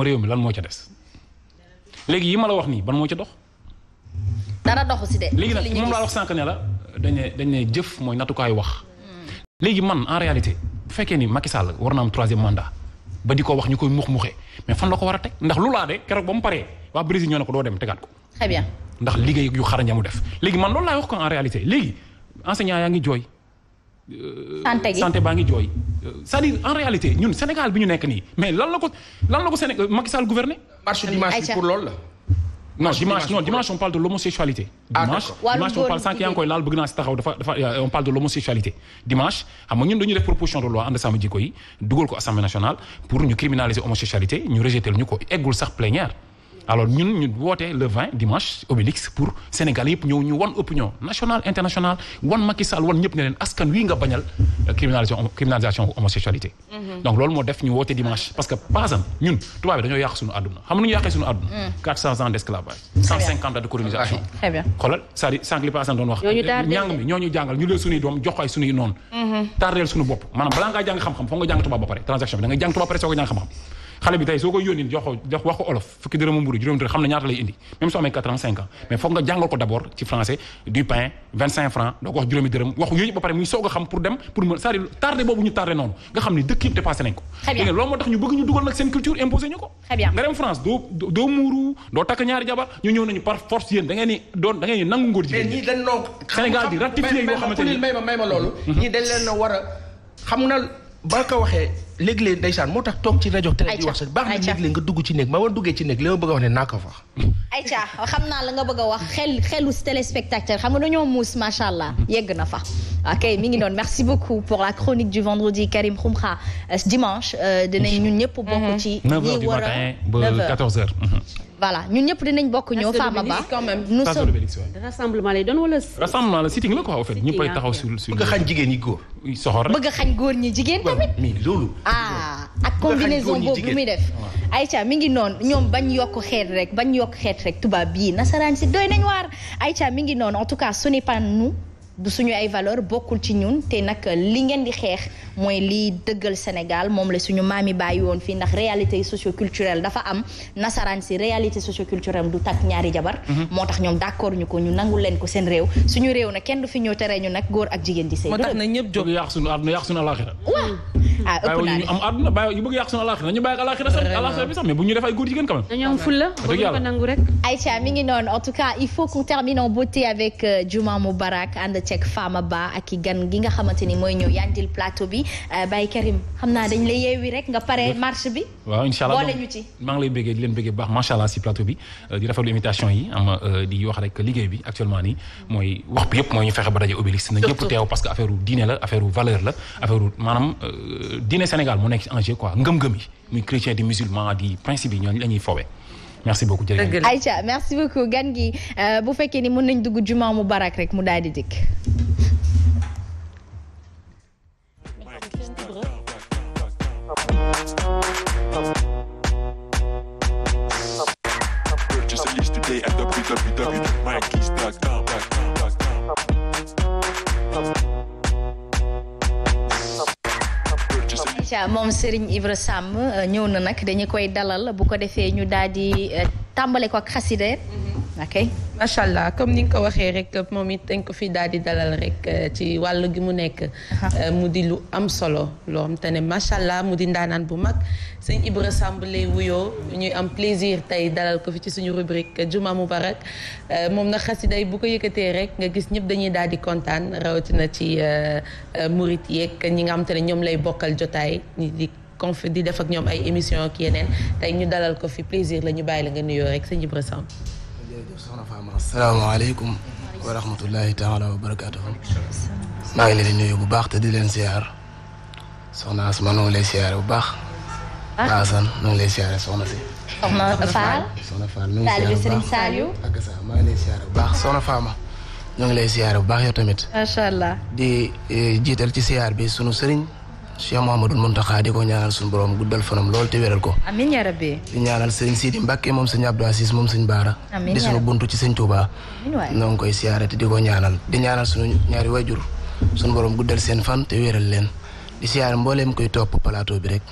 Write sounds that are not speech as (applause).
ma réew mi lan moo ca des léegi yi ma la wax nii ban moo ca dox. dara doxu si de. léegi nag moom laa wax sànq ne la dañ dañ ne jëf mooy nattukaayu wax. Hmm. léegi man en réalité bu fekkee ni Macky Sall war na am troisième mandat ba di ko wax ñu koy muux muxee mais fan la ko war a teg ndax lu laa de keroog ba mu paree waa Brésil ñoo ne ko doo dem tegaat ko. très bien ndax liggéey yu xarañ mu def léegi man loolu laay wax ko en réalité léegi enseignant yaa ngi jooy. santé gi baa ngi jooy. c'est-à-dire en réalité ñun Sénégal bi ñu nekk nii mais lan la ko lan la ko Sénégal Macky Sall gouverner. marche dimanche bi pour loolu la. non dimanche non dimanche on parle de l'homosexualité ah, dimanche dimanche on parle sànq yaa koy laal bëgg naa si taxaw euh, on parle de l'homosexualité dimanche xam nga ñun dañuy def proposition de loi ànd sàmm jikko yi dugal ko assemblée nationale pour ñu criminaliser homosexualité ñu rejeter ñu ko eggul sax plénière. alors ñun ñu woote le 20 dimanche Obélix pour Sénégal yëpp ñëw ñu wan opinion nationale internationale wan Macky wan ñëpp ne leen askan wi nga bañal euh, criminalisation homosexualité mhm. donc loolu moo def ñu woote dimanche parce que pasan ñun tubaab bi dañoo yàq suñu àdduna xam nañu yàqee suñu àdduna 400 mm. ans d' esclavage 150 doon wax ñàng mi ñoo ñu jàngal ñu leen suñuy doom jox ay suñuy noonu mhm. tardeel suñu bopp maanaam balaa ngaa jàng xam-xam foog xale bi tey soo koy yónni jox jox wax ko olof fukki dërëmu mburu juróomi dërëm xam na ñaata lay indi même soo amee quatre ans cinq ans mais foog nga jàngal ko ci français du pain vingt cinq francs doo ko wax juróomi dërëm wax yooyu ba pare muy soog a xam pour dem pour mën c'est-à-dire boobu ñu tardé noonu nga xam ni doon da ngeen ni nangu ngóor jigéen Sénégal di ratifié yoo xamante may ma may ma loolu mhm. ñii dañ leen war a xam na ba ko waxee léeg-léeg moo tax toog ci rajo télé di wax sax baax na léeg nga dugg ci néeg ma woon duggee ci néeg li ma bëgg a wax ne naa ko fa Aïcha xam naa la nga bëgg a wax xel xelu téléspectateur xam nga dañoo muus ma allah yegg na fa ok mi ngi noonu merci beaucoup pour la chronique du vendredi Karim Xumxa euh, dimanche euh, dinañ ñun ñëpp bokk ci ñi war a 9h du matin ba 14h voilà ñu ñëpp dinañ bokk ñëw Fama Ba. nous sommes rassemblement la sitting la quoi en fait ñu koy taxaw sur sur. bëgg a xañ jigéen ñi góor. soxor bëgg a xañ góor ñi jigéen tamit. mais loolu. ah ak combinaison boobu lu def. Aïcha mi ngi noonu ñoom bañ yokk xeet rek bañ yokk xeet rek tubaab bii nasaraan si doy nañ waar Aïcha mi ngi noonu en tout cas ce n'est pas nous du suñu ay valeur bokkul ci ñun te nag li ngeen di xeex mooy liy dëggal Sénégal moom la suñu maam yi bàyyi woon fii ndax réalité socioculturelle dafa am nasaraan si réalité socioculturelle du takk ñaari jabar mhm. moo tax ñoom d'accord ñu ko ñu nangul leen ko seen réew suñu réew na kenn du fi ñëw teree ñu nag góor ak jigéen di sëy moo tax na ñëpp jóg yàq suñu àdduna yàq suñu alaxira waaw (laughs) ah ëpp de am àdduna bàyyi yu bëgg yàq suñu nañu bàyyi alaxira sax bi sax mais bu ñu def ay góor jigéen quand même. dañoo am ba ñu noonu en tout cas il faut qu'on termine en beauté avec euh, Juma Moubarak ànd ceeg Fama Ba ak i gan gi nga xamante ni mooy ñëw yandil plateau bi euh, Baye Karim xam naa dañ la rek nga pare marche bi. waaw incha allah boole ci. maa ngi lay bëggee di leen bëggee baax macha si plateau bi euh, di rafetlu invitation yi am di wax rek liggéey bi actuellement nii mooy wax bi yëpp mooy ñu fexe ba daje parce que affaire diine la affaire valeur la diine Sénégal mu nekk en jeu quoi ngëm-ngëm yi muy chrétien di musulman di principe yi ñooñu la ñuy fowe merci beaucoup jërëjëf Aïcha merci beaucoup gan gi euh, bu fekkee ni mën nañ dugg juma mu barak rek mu daal di dikk ca moom Serigne Ibra Samb euh, ñëw na nag dañu koy dalal bu ko defee ñu daal di euh, tàmbale ko ak ok macha allah comme ni nga ko waxee rek moom it dañ ko fi daal di dalal rek euh, ci wàll gi mu nekk. Euh, mu di lu am solo loo xam te ne macha allah mu di ndaanaan bu mag sëñ Ibra Samb lay wuyoo ñuy am plaisir tey dalal ko fi ci suñu rubrique euh, Juma mu Mubarak moom na xasida yi bu ko yëkkatee rek nga gis ñëpp dañuy daal di kontaan rawatina ci murit yeeg ñi nga xam te ne ñoom lay bokkal jotaay ñi di. di def ak ñoom ay émission ak yeneen tey ñu dalal ko fi plaisir la ñu bàyyi la nga nuyoo rek sëñ Ibra jërëjëf soxna Fama asalaamaaleykum wa rahmatullahi taala maa ngi leen di nuyu bu baax te di leen siyaar soxna Asma nu ngi lay siyaare bu baax. waaw ah. Assane nu lay siyaare soxna si. soxna Fall soxna ngi siyaare baax ak sa maa ngi lay siyaare bu baax soxna Fama ñu ngi lay siyaare bu baax yow tamit. macha allah di eh, jiital ci siyaar bi sunu sëriñ. Cheikh Mouhamadou Mountakha di ko ñaanal suñu borom guddal fanam lool te wéral ko. amiin yaa rabbi. di ñaanal sëñ Sidi Mbacke moom sëñ Abdou Aziz moom sëñ Baara. amiin di suñu buntu ci sëñ Touba. noo ngi koy siyaare te di ko ñaanal di ñaanal suñu ñaari wajur suñu borom guddal seen fan te wéral leen di siyaare mbooleem koy topp plateau bi rek.